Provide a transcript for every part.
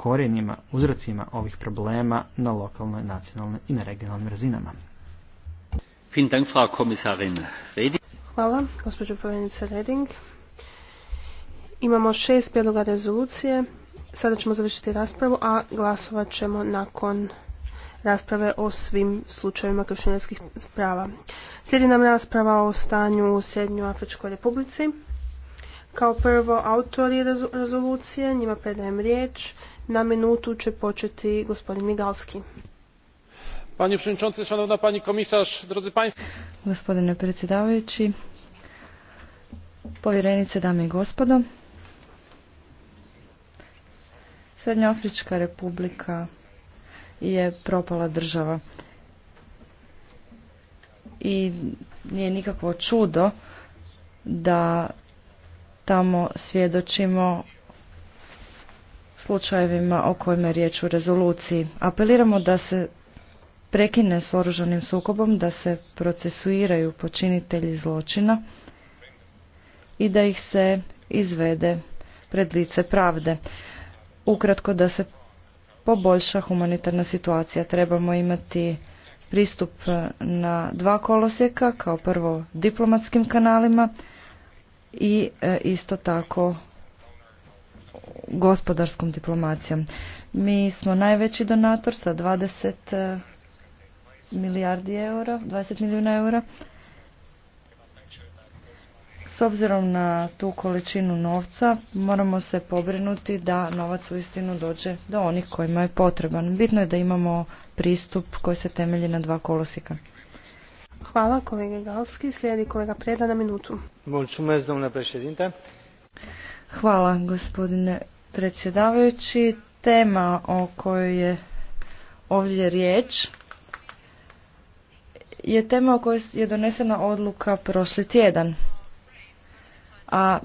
korijenima, uzrocima ovih problema na lokalnoj, nacionalnoj i na regionalnim razinama. Hvala, gospođo povjednice Reding. Imamo šest prijedloga rezolucije. Sada ćemo završiti raspravu, a glasovat ćemo nakon rasprave o svim slučajevima kršenjarskih prava. Slijedi nam rasprava o stanju u Srednjoj Afričkoj republici. Kao prvo, autori rezolucije, njima predajem riječ. Na minutu će početi gospodin Migalski. Panie przewodniczący, szanowna pani komisarz, drodzy państwo. Gospodine predsjedavajući, povjerenice, dame i gospodo. Srednjoafrička republika je propala država. I nije nikakvo čudo da Tamo svjedočimo slučajevima o kojima je riječ u rezoluciji. Apeliramo da se prekine s oružanim sukobom, da se procesuiraju počinitelji zločina i da ih se izvede pred lice pravde. Ukratko da se poboljša humanitarna situacija. Trebamo imati pristup na dva kolosijeka, kao prvo diplomatskim kanalima, i e, isto tako gospodarskom diplomacijom. Mi smo najveći donator sa 20 e, milijardi eura, 20 milijuna eura. S obzirom na tu količinu novca moramo se pobrinuti da novac u istinu dođe do onih kojima je potreban. Bitno je da imamo pristup koji se temelji na dva kolosika. Hvala kolega Galski. Slijedi kolega Preda na minutu. Mulțumesc, na Hvala gospodine predsjedavajući. Tema o kojoj je ovdje riječ je tema o kojoj je donesena odluka prošli tjedan. A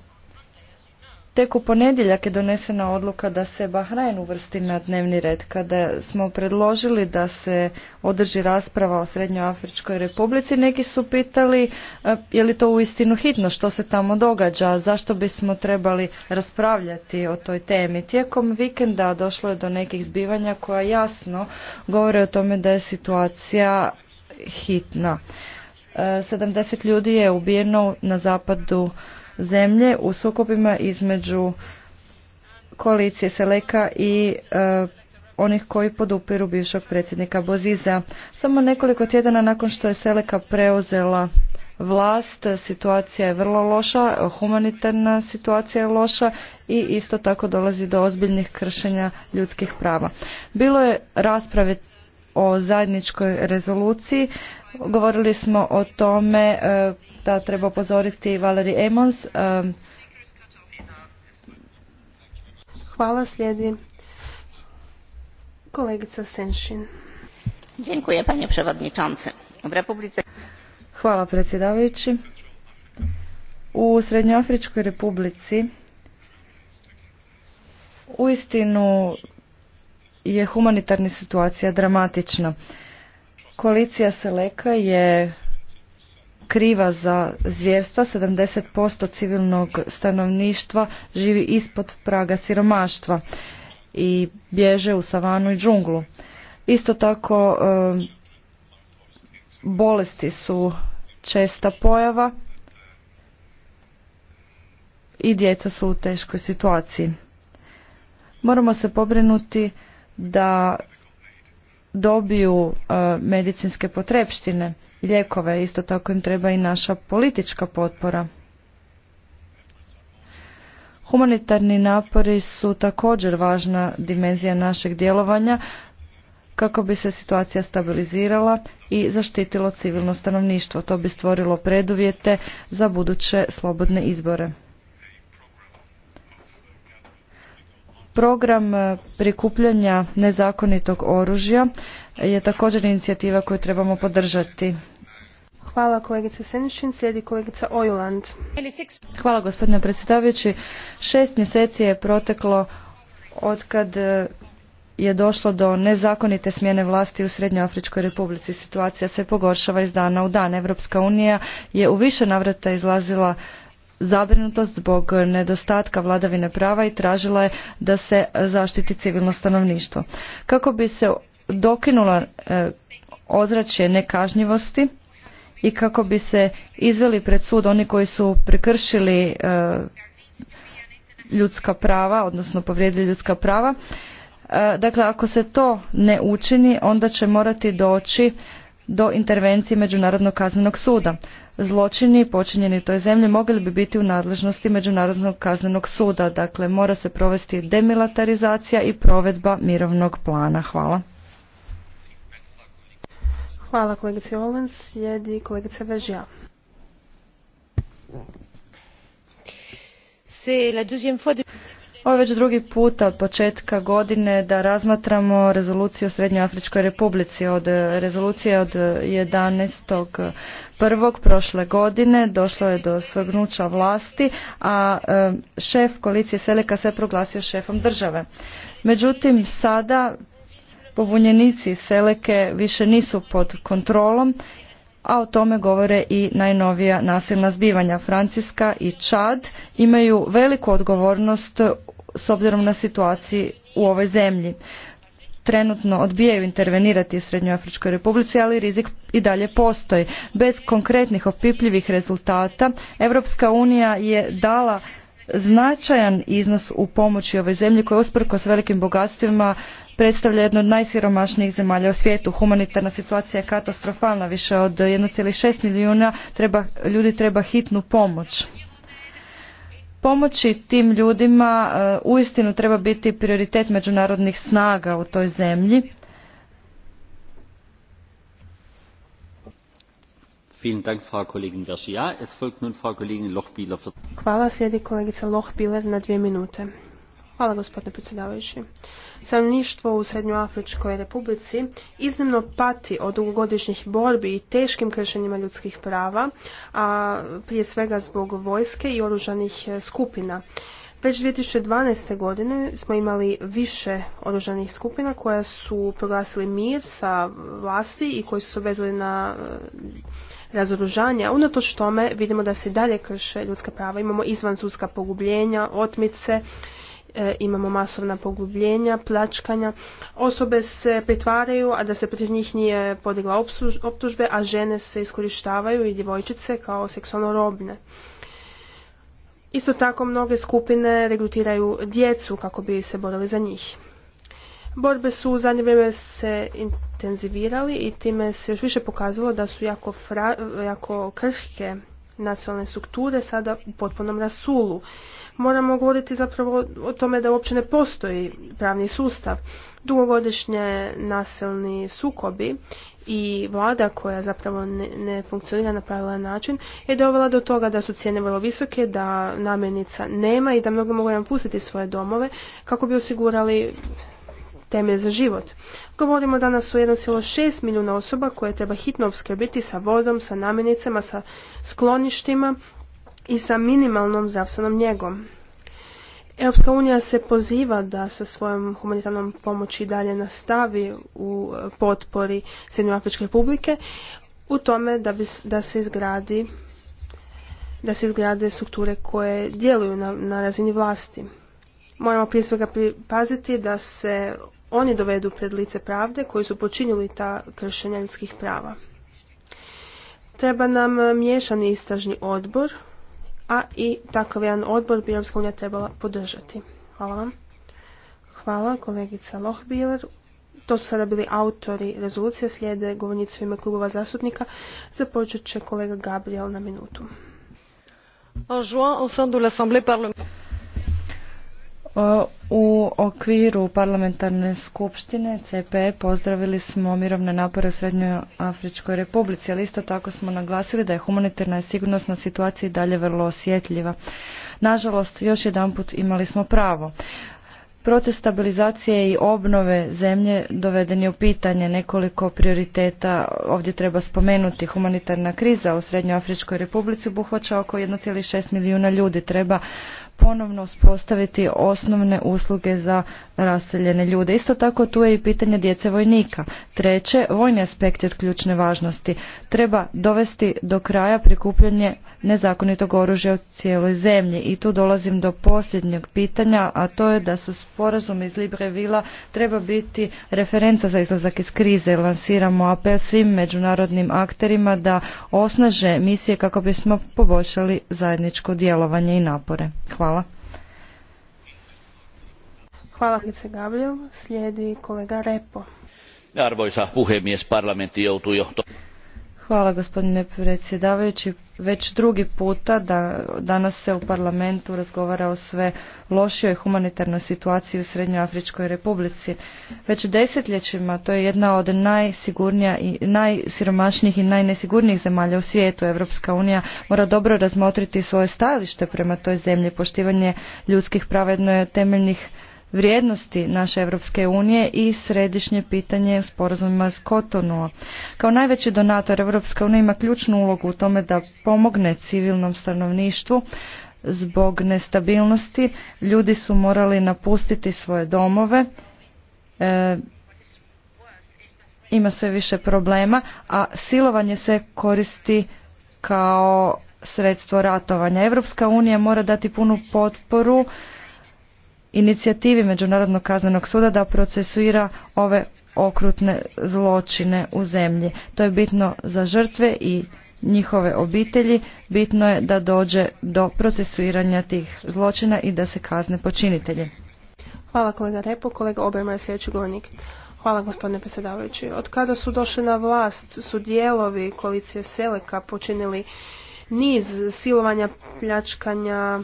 Tek u ponedjeljak je donesena odluka da se Bahrajn uvrsti na dnevni red. Kada smo predložili da se održi rasprava o Srednjoafričkoj republici, neki su pitali e, je li to uistinu hitno što se tamo događa, zašto bismo trebali raspravljati o toj temi. Tijekom vikenda došlo je do nekih zbivanja koja jasno govore o tome da je situacija hitna. 70 e, ljudi je ubijeno na zapadu zemlje u sukobima između koalicije Seleka i e, onih koji podupiru bivšeg predsjednika Boziza. Samo nekoliko tjedana nakon što je Seleka preuzela vlast, situacija je vrlo loša, humanitarna situacija je loša i isto tako dolazi do ozbiljnih kršenja ljudskih prava. Bilo je rasprave o zajedničkoj rezoluciji. Govorili smo o tome e, da treba upozoriti Valeri Emons. E, Hvala, slijedi kolegica Senšin. Dziękuję, panie przewodniczący. W Republice... Hvala, predsjedavajući. U Srednjoafričkoj republici uistinu je humanitarna situacija dramatična. Koalicija Seleka je kriva za zvjerstva, 70% civilnog stanovništva živi ispod praga siromaštva i bježe u savanu i džunglu. Isto tako bolesti su česta pojava i djeca su u teškoj situaciji. Moramo se pobrinuti da dobiju e, medicinske potrepštine ljekove. lijekove. Isto tako im treba i naša politička potpora. Humanitarni napori su također važna dimenzija našeg djelovanja kako bi se situacija stabilizirala i zaštitilo civilno stanovništvo. To bi stvorilo preduvjete za buduće slobodne izbore. Program e, prikupljanja nezakonitog oružja je također inicijativa koju trebamo podržati. Hvala kolegice Senišin, slijedi kolegica ojland Hvala gospodine predsjedavajući. Šest mjeseci je proteklo od kad e, je došlo do nezakonite smjene vlasti u Srednjoafričkoj republici. Situacija se pogoršava iz dana u dan. Evropska unija je u više navrata izlazila zabrinutost zbog nedostatka vladavine prava i tražila je da se zaštiti civilno stanovništvo. Kako bi se dokinula e, ozračje nekažnjivosti i kako bi se izveli pred sud oni koji su prekršili e, ljudska prava, odnosno povrijedili ljudska prava. E, dakle, ako se to ne učini, onda će morati doći do intervencije Međunarodnog kaznenog suda zločini počinjeni u toj zemlji mogli bi biti u nadležnosti Međunarodnog kaznenog suda. Dakle, mora se provesti demilitarizacija i provedba mirovnog plana. Hvala. Hvala kolegice Olens. Slijedi kolegica Vežja. C'est ovo je već drugi put od početka godine da razmatramo rezoluciju o Srednjoafričkoj republici. Od eh, rezolucije od 11.1. Eh, prošle godine došlo je do svrgnuća vlasti, a eh, šef koalicije Seleka se proglasio šefom države. Međutim, sada pobunjenici Seleke više nisu pod kontrolom a o tome govore i najnovija nasilna zbivanja. Francijska i Čad imaju veliku odgovornost s obzirom na situaciju u ovoj zemlji. Trenutno odbijaju intervenirati u Srednjoafričkoj republici, ali rizik i dalje postoji. Bez konkretnih opipljivih rezultata Europska unija je dala značajan iznos u pomoći ovoj zemlji koja usprkos velikim bogatstvima predstavlja jednu od najsiromašnijih zemalja u svijetu. Humanitarna situacija je katastrofalna, više od 1,6 milijuna treba, ljudi treba hitnu pomoć. Pomoći tim ljudima e, uistinu treba biti prioritet međunarodnih snaga u toj zemlji. Hvala, slijedi kolegica Lohbiler na dvije minute. Hvala gospodine predsjedavajući. Stanovništvo u Srednjoafričkoj republici iznimno pati od dugogodišnjih borbi i teškim kršenjima ljudskih prava, a prije svega zbog vojske i oružanih e, skupina. Već 2012. godine smo imali više oružanih skupina koja su proglasili mir sa vlasti i koji su se obvezali na e, razoružanja. Unatoč tome vidimo da se dalje krše ljudska prava. Imamo izvan sudska pogubljenja, otmice, E, imamo masovna pogubljenja, plačkanja. Osobe se pritvaraju, a da se protiv njih nije podigla optužbe, a žene se iskorištavaju i djevojčice kao seksualno robne. Isto tako mnoge skupine regrutiraju djecu kako bi se borili za njih. Borbe su u zadnje vrijeme se intenzivirali i time se još više pokazalo da su jako, jako krhke nacionalne strukture sada u potpunom rasulu. Moramo govoriti zapravo o tome da uopće ne postoji pravni sustav. Dugogodišnje nasilni sukobi i vlada koja zapravo ne, funkcionira na pravilan način je dovela do toga da su cijene vrlo visoke, da namjenica nema i da mnogo mogu napustiti svoje domove kako bi osigurali temelj za život. Govorimo danas o 1,6 milijuna osoba koje treba hitno opskrbiti sa vodom, sa namirnicama, sa skloništima i sa minimalnom zdravstvenom njegom. Europska unija se poziva da sa svojom humanitarnom pomoći dalje nastavi u potpori Srednjoafričke republike u tome da, bi, da se izgradi da se izgrade strukture koje djeluju na, na razini vlasti. Moramo prije svega paziti da se oni dovedu pred lice pravde koji su počinili ta kršenja ljudskih prava. Treba nam e, miješani istražni odbor, a i takav jedan odbor bi Europska unija trebala podržati. Hvala vam. Hvala kolegica Lohbiler. To su sada bili autori rezolucije, slijede govornicu u ime klubova zastupnika. Započet će kolega Gabriel na minutu. au E, u okviru parlamentarne skupštine CP e pozdravili smo mirovne napore u Srednjoj Afričkoj republici, ali isto tako smo naglasili da je humanitarna i sigurnosna situacija i dalje vrlo osjetljiva. Nažalost, još jedanput imali smo pravo. Proces stabilizacije i obnove zemlje doveden je u pitanje nekoliko prioriteta. Ovdje treba spomenuti humanitarna kriza u Afričkoj republici obuhvaća oko 1,6 milijuna ljudi. Treba ponovno uspostaviti osnovne usluge za raseljene ljude. Isto tako tu je i pitanje djece vojnika. Treće, vojni aspekt je od ključne važnosti. Treba dovesti do kraja prikupljanje nezakonitog oružja u cijeloj zemlji. I tu dolazim do posljednjeg pitanja, a to je da su sporazum iz Librevila treba biti referenca za izlazak iz krize. Lansiramo apel svim međunarodnim akterima da osnaže misije kako bismo poboljšali zajedničko djelovanje i napore. Hvala. Hvala. Hvala Hrvice Gabriel. Slijedi kolega Repo. Arvoisa puhemies, parlamentti joutuu jo... Hvala gospodine predsjedavajući. Već drugi puta da danas se u parlamentu razgovara o sve lošijoj humanitarnoj situaciji u Srednjoafričkoj republici. Već desetljećima to je jedna od najsigurnija i najsiromašnijih i najnesigurnijih zemalja u svijetu. Evropska unija mora dobro razmotriti svoje stajalište prema toj zemlji. Poštivanje ljudskih prava jedno je temeljnih vrijednosti naše Europske unije i središnje pitanje sporazumima s Kotonu. Kao najveći donator Europska unija ima ključnu ulogu u tome da pomogne civilnom stanovništvu zbog nestabilnosti. Ljudi su morali napustiti svoje domove. E, ima sve više problema, a silovanje se koristi kao sredstvo ratovanja. Europska unija mora dati punu potporu inicijativi Međunarodnog kaznenog suda da procesuira ove okrutne zločine u zemlji. To je bitno za žrtve i njihove obitelji, bitno je da dođe do procesuiranja tih zločina i da se kazne počinitelje. Hvala kolega Repo, kolega Oberma je sljedeći govornik. Hvala gospodine predsjedavajući. Od kada su došli na vlast su dijelovi koalicije Seleka počinili niz silovanja, pljačkanja,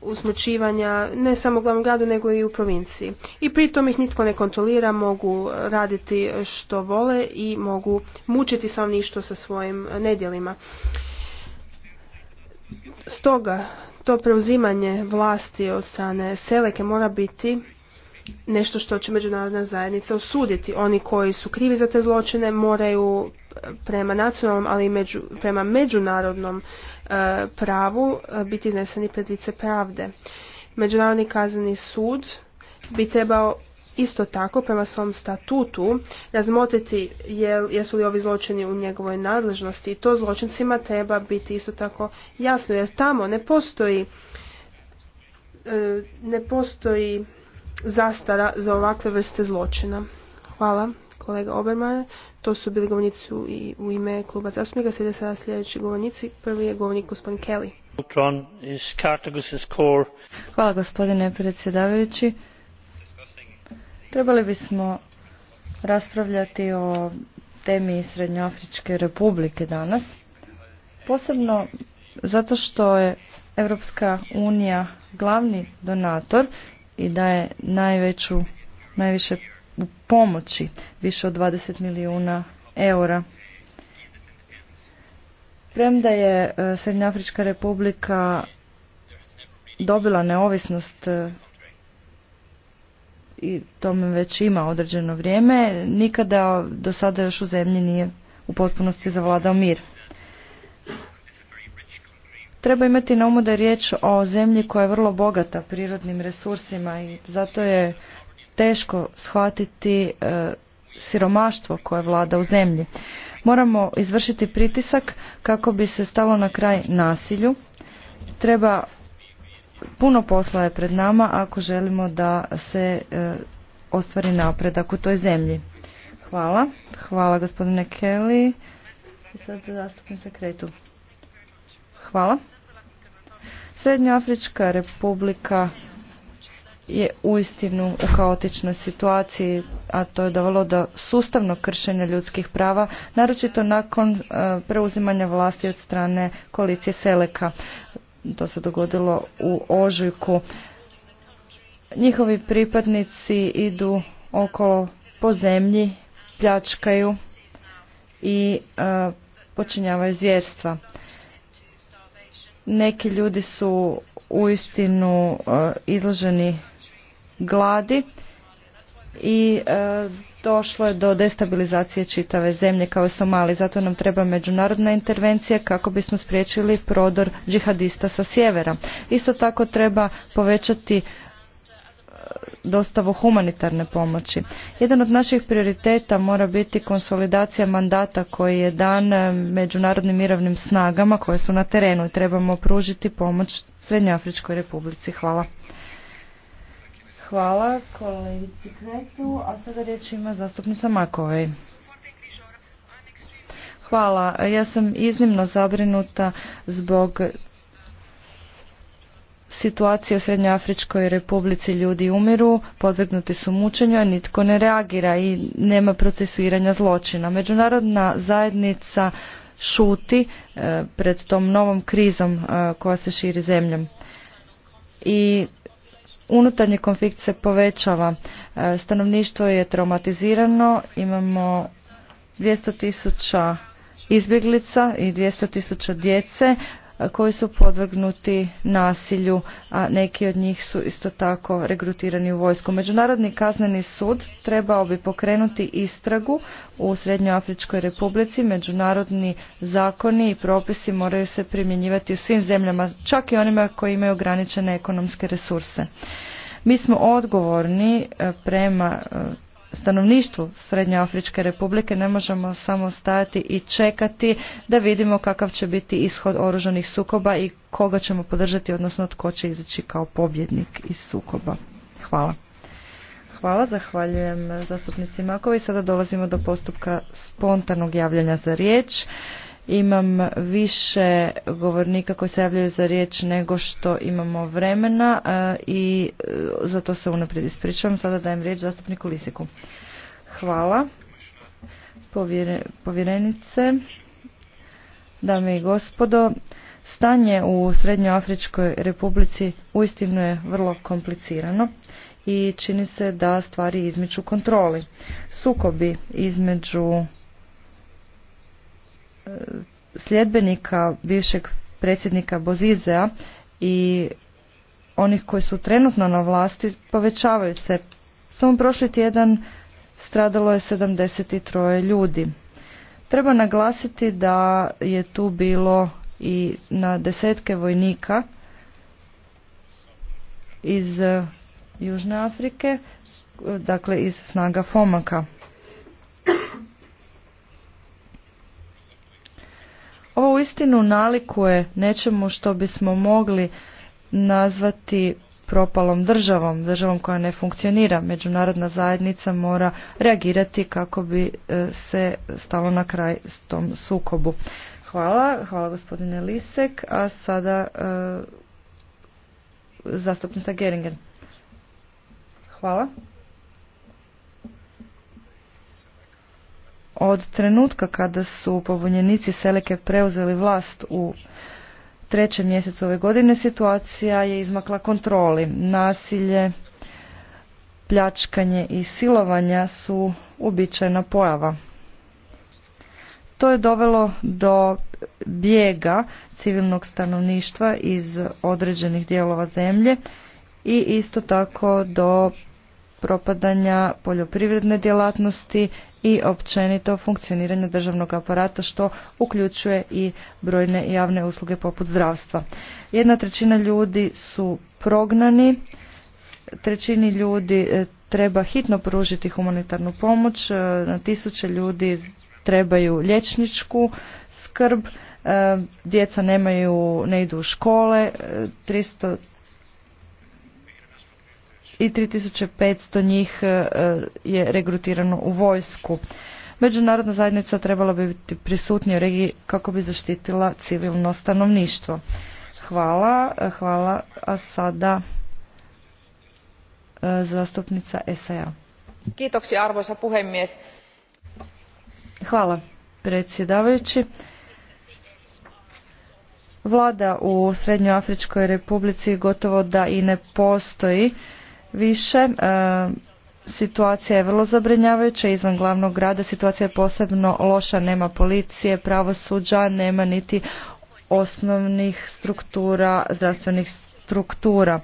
usmućivanja ne samo u glavnom gradu nego i u provinciji. I pritom ih nitko ne kontrolira, mogu raditi što vole i mogu mučiti ništo sa svojim nedjelima. Stoga to preuzimanje vlasti od strane Seleke mora biti nešto što će međunarodna zajednica osuditi. Oni koji su krivi za te zločine moraju e, prema nacionalnom, ali i među, prema međunarodnom e, pravu e, biti izneseni pred lice pravde. Međunarodni kazneni sud bi trebao isto tako prema svom statutu razmotriti jesu li ovi zločini u njegovoj nadležnosti i to zločincima treba biti isto tako jasno jer tamo ne postoji ne postoji zastara za ovakve vrste zločina. Hvala kolega Obermajer. To su bili govornici u ime kluba zastupnika. Sada sada sljedeći govornici. Prvi je govornik gospodin Kelly. Hvala gospodine predsjedavajući. Trebali bismo raspravljati o temi Srednjoafričke republike danas. Posebno zato što je Europska unija glavni donator i daje najveću, najviše pomoći, više od 20 milijuna eura. Premda je e, Afrička republika dobila neovisnost e, i tome već ima određeno vrijeme, nikada do sada još u zemlji nije u potpunosti zavladao mir. Treba imati na umu da je riječ o zemlji koja je vrlo bogata prirodnim resursima i zato je teško shvatiti e, siromaštvo koje vlada u zemlji. Moramo izvršiti pritisak kako bi se stalo na kraj nasilju. Treba puno posla je pred nama ako želimo da se e, ostvari napredak u toj zemlji. Hvala. Hvala gospodine Kelly. I sad zastupnica Kretu. Hvala. Afrička republika je uistinu u kaotičnoj situaciji, a to je dovelo do sustavnog kršenja ljudskih prava, naročito nakon e, preuzimanja vlasti od strane koalicije Seleka. To se dogodilo u Ožujku. Njihovi pripadnici idu okolo po zemlji, pljačkaju i e, počinjavaju zvjerstva. Neki ljudi su uistinu e, izloženi gladi i e, došlo je do destabilizacije čitave zemlje kao Somali. Zato nam treba međunarodna intervencija kako bismo spriječili prodor džihadista sa sjevera. Isto tako treba povećati dostavu humanitarne pomoći. Jedan od naših prioriteta mora biti konsolidacija mandata koji je dan eh, međunarodnim mirovnim snagama koje su na terenu i trebamo pružiti pomoć Srednjoafričkoj republici. Hvala. Hvala kolegici a sada riječ ima zastupnica Makovej. Hvala. Ja sam iznimno zabrinuta zbog situacija u Srednjoafričkoj republici ljudi umiru, podvrgnuti su mučenju, a nitko ne reagira i nema procesuiranja zločina. Međunarodna zajednica šuti e, pred tom novom krizom e, koja se širi zemljom. I unutarnji konflikt se povećava. E, stanovništvo je traumatizirano, imamo 200.000 izbjeglica i 200.000 djece koji su podvrgnuti nasilju, a neki od njih su isto tako regrutirani u vojsku. Međunarodni kazneni sud trebao bi pokrenuti istragu u Srednjoafričkoj republici. Međunarodni zakoni i propisi moraju se primjenjivati u svim zemljama, čak i onima koji imaju ograničene ekonomske resurse. Mi smo odgovorni eh, prema eh, stanovništvu Srednjoafričke republike ne možemo samo stajati i čekati da vidimo kakav će biti ishod oružanih sukoba i koga ćemo podržati, odnosno tko će izaći kao pobjednik iz sukoba. Hvala. Hvala, zahvaljujem zastupnici Makovi. Sada dolazimo do postupka spontanog javljanja za riječ imam više govornika koji se javljaju za riječ nego što imamo vremena e, i e, zato se unaprijed ispričavam. Sada dajem riječ zastupniku Lisiku. Hvala. povjerenice, dame i gospodo, stanje u Srednjoafričkoj republici uistinu je vrlo komplicirano i čini se da stvari izmiču kontroli. Sukobi između sljedbenika bivšeg predsjednika Bozizea i onih koji su trenutno na vlasti povećavaju se. Samo prošli tjedan stradalo je 73 ljudi. Treba naglasiti da je tu bilo i na desetke vojnika iz Južne Afrike, dakle iz snaga Fomaka. uistinu nalikuje nečemu što bismo mogli nazvati propalom državom, državom koja ne funkcionira. Međunarodna zajednica mora reagirati kako bi e, se stalo na kraj s tom sukobu. Hvala, hvala gospodine Lisek, a sada e, zastupnica Geringer. Hvala. Od trenutka kada su pobunjenici Seleke preuzeli vlast u trećem mjesecu ove godine situacija je izmakla kontroli. Nasilje, pljačkanje i silovanja su uobičajena pojava. To je dovelo do bijega civilnog stanovništva iz određenih dijelova zemlje i isto tako do propadanja poljoprivredne djelatnosti i općenito funkcioniranje državnog aparata što uključuje i brojne javne usluge poput zdravstva. Jedna trećina ljudi su prognani, trećini ljudi e, treba hitno pružiti humanitarnu pomoć, e, na tisuće ljudi trebaju lječničku skrb, e, djeca nemaju, ne idu u škole, 300 i 3500 njih e, je regrutirano u vojsku. Međunarodna zajednica trebala bi biti prisutnija u regiji kako bi zaštitila civilno stanovništvo. Hvala, e, hvala. A sada e, zastupnica S.A.A. Kiitoksi arvoisa puhemies. Hvala predsjedavajući. Vlada u Srednjoafričkoj republici gotovo da i ne postoji više. E, situacija je vrlo zabrinjavajuća, izvan glavnog grada situacija je posebno loša, nema policije, pravosuđa, nema niti osnovnih struktura, zdravstvenih struktura.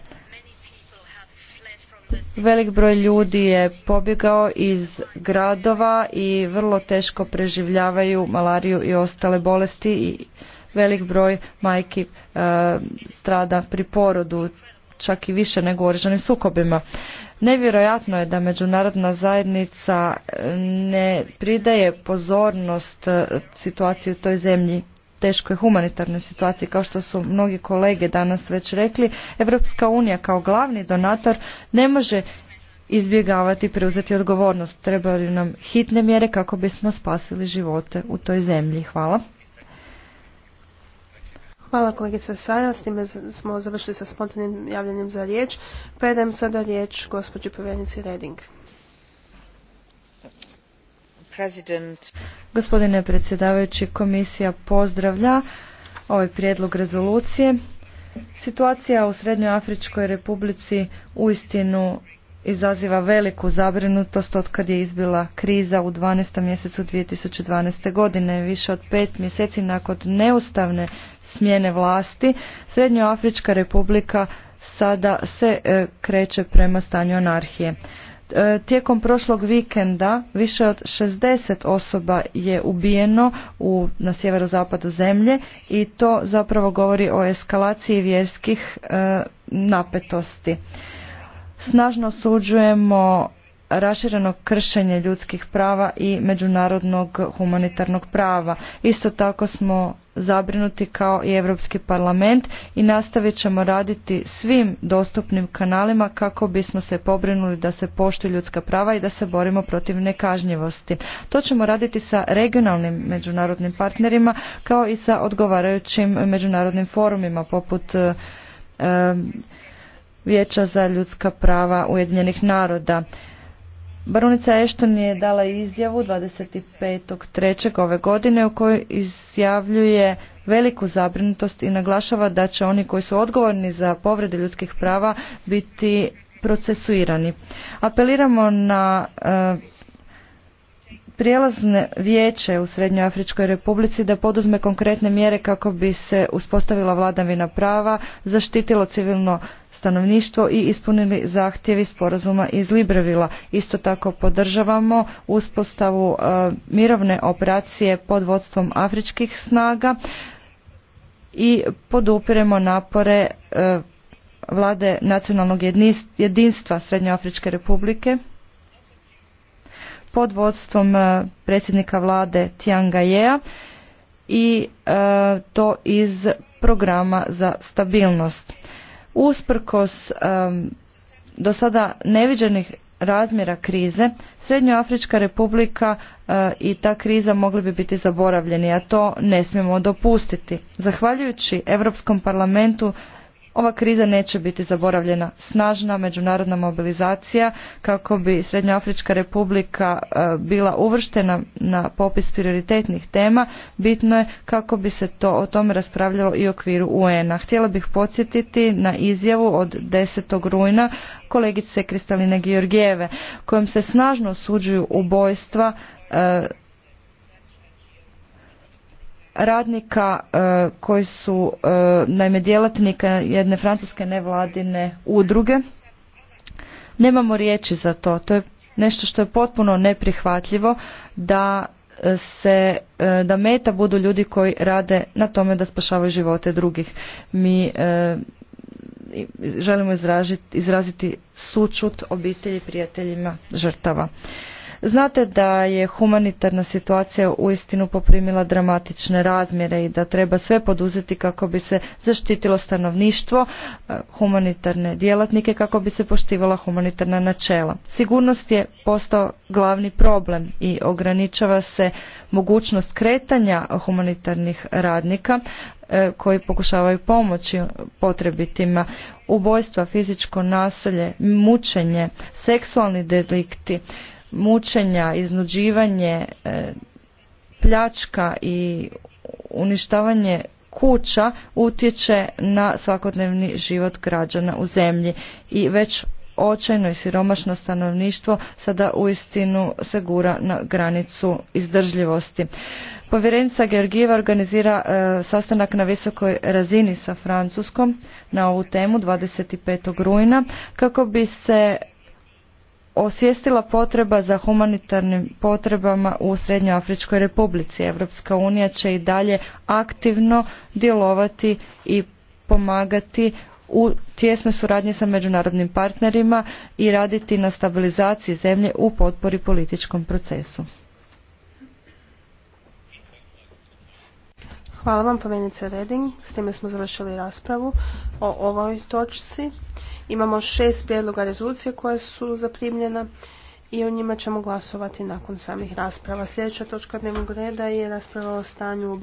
Velik broj ljudi je pobjegao iz gradova i vrlo teško preživljavaju malariju i ostale bolesti i velik broj majki e, strada pri porodu čak i više nego u oružanim sukobima. Nevjerojatno je da međunarodna zajednica e, ne pridaje pozornost e, situaciji u toj zemlji teškoj humanitarnoj situaciji kao što su mnogi kolege danas već rekli Evropska unija kao glavni donator ne može izbjegavati i preuzeti odgovornost trebaju nam hitne mjere kako bismo spasili živote u toj zemlji hvala Hvala kolegice Saja, s time smo završili sa spontanim javljanjem za riječ. Predajem sada riječ gospođi povjednici Reding. Gospodine predsjedavajući, komisija pozdravlja ovaj prijedlog rezolucije. Situacija u Srednjoj Afričkoj republici uistinu izaziva veliku zabrinutost otkad je izbila kriza u 12. mjesecu 2012. godine. Više od pet mjeseci nakon neustavne smjene vlasti, Srednjoafrička republika sada se e, kreće prema stanju anarhije. E, tijekom prošlog vikenda više od 60 osoba je ubijeno u, na sjeverozapadu zemlje i to zapravo govori o eskalaciji vjerskih e, napetosti. Snažno osuđujemo rašireno kršenje ljudskih prava i međunarodnog humanitarnog prava. Isto tako smo zabrinuti kao i Europski parlament i nastavit ćemo raditi svim dostupnim kanalima kako bismo se pobrinuli da se poštuju ljudska prava i da se borimo protiv nekažnjivosti. To ćemo raditi sa regionalnim međunarodnim partnerima kao i sa odgovarajućim međunarodnim forumima poput eh, Vijeća za ljudska prava Ujedinjenih naroda. Baronica Ešton je dala izjavu 25.3. ove godine u kojoj izjavljuje veliku zabrinutost i naglašava da će oni koji su odgovorni za povrede ljudskih prava biti procesuirani. Apeliramo na eh, prijelazne vijeće u Srednjoj Afričkoj Republici da poduzme konkretne mjere kako bi se uspostavila vladavina prava, zaštitilo civilno stanovništvo i ispunili zahtjevi sporazuma iz Librevila. Isto tako podržavamo uspostavu e, mirovne operacije pod vodstvom afričkih snaga i podupiremo napore e, vlade nacionalnog jedinstva Srednjoafričke republike pod vodstvom e, predsjednika vlade Tianga Jea i to iz programa za stabilnost. Usprkos do sada neviđenih razmjera krize, Srednjoafrička republika e, i ta kriza mogli bi biti zaboravljeni, a to ne smijemo dopustiti. Zahvaljujući Europskom parlamentu ova kriza neće biti zaboravljena. Snažna međunarodna mobilizacija kako bi Srednjoafrička republika e, bila uvrštena na popis prioritetnih tema bitno je kako bi se to o tome raspravljalo i u okviru UN-a. Htjela bih podsjetiti na izjavu od 10. rujna kolegice Kristaline Georgijeve kojom se snažno osuđuju ubojstva e, radnika e, koji su e, naime djelatnika jedne francuske nevladine udruge. Nemamo riječi za to. To je nešto što je potpuno neprihvatljivo da e, se da meta budu ljudi koji rade na tome da spašavaju živote drugih. Mi želimo izraziti sučut obitelji prijateljima žrtava. Znate da je humanitarna situacija uistinu poprimila dramatične razmjere i da treba sve poduzeti kako bi se zaštitilo stanovništvo, e, humanitarne djelatnike, kako bi se poštivala humanitarna načela. Sigurnost je postao glavni problem i ograničava se mogućnost kretanja humanitarnih radnika e, koji pokušavaju pomoći potrebitima, ubojstva, fizičko nasilje, mučenje, seksualni delikti mučenja, iznuđivanje, e, pljačka i uništavanje kuća utječe na svakodnevni život građana u zemlji i već očajno i siromašno stanovništvo sada uistinu se gura na granicu izdržljivosti. Povjerenica Georgijeva organizira e, sastanak na visokoj razini sa Francuskom na ovu temu 25. rujna kako bi se osvijestila potreba za humanitarnim potrebama u Srednjoafričkoj republici. Evropska unija će i dalje aktivno djelovati i pomagati u tjesnoj suradnji sa međunarodnim partnerima i raditi na stabilizaciji zemlje u potpori političkom procesu. Hvala vam, pomenice Reding. S time smo završili raspravu o ovoj točci. Imamo šest prijedloga rezolucije koje su zaprimljena i o njima ćemo glasovati nakon samih rasprava. Sljedeća točka dnevnog reda je rasprava o stanju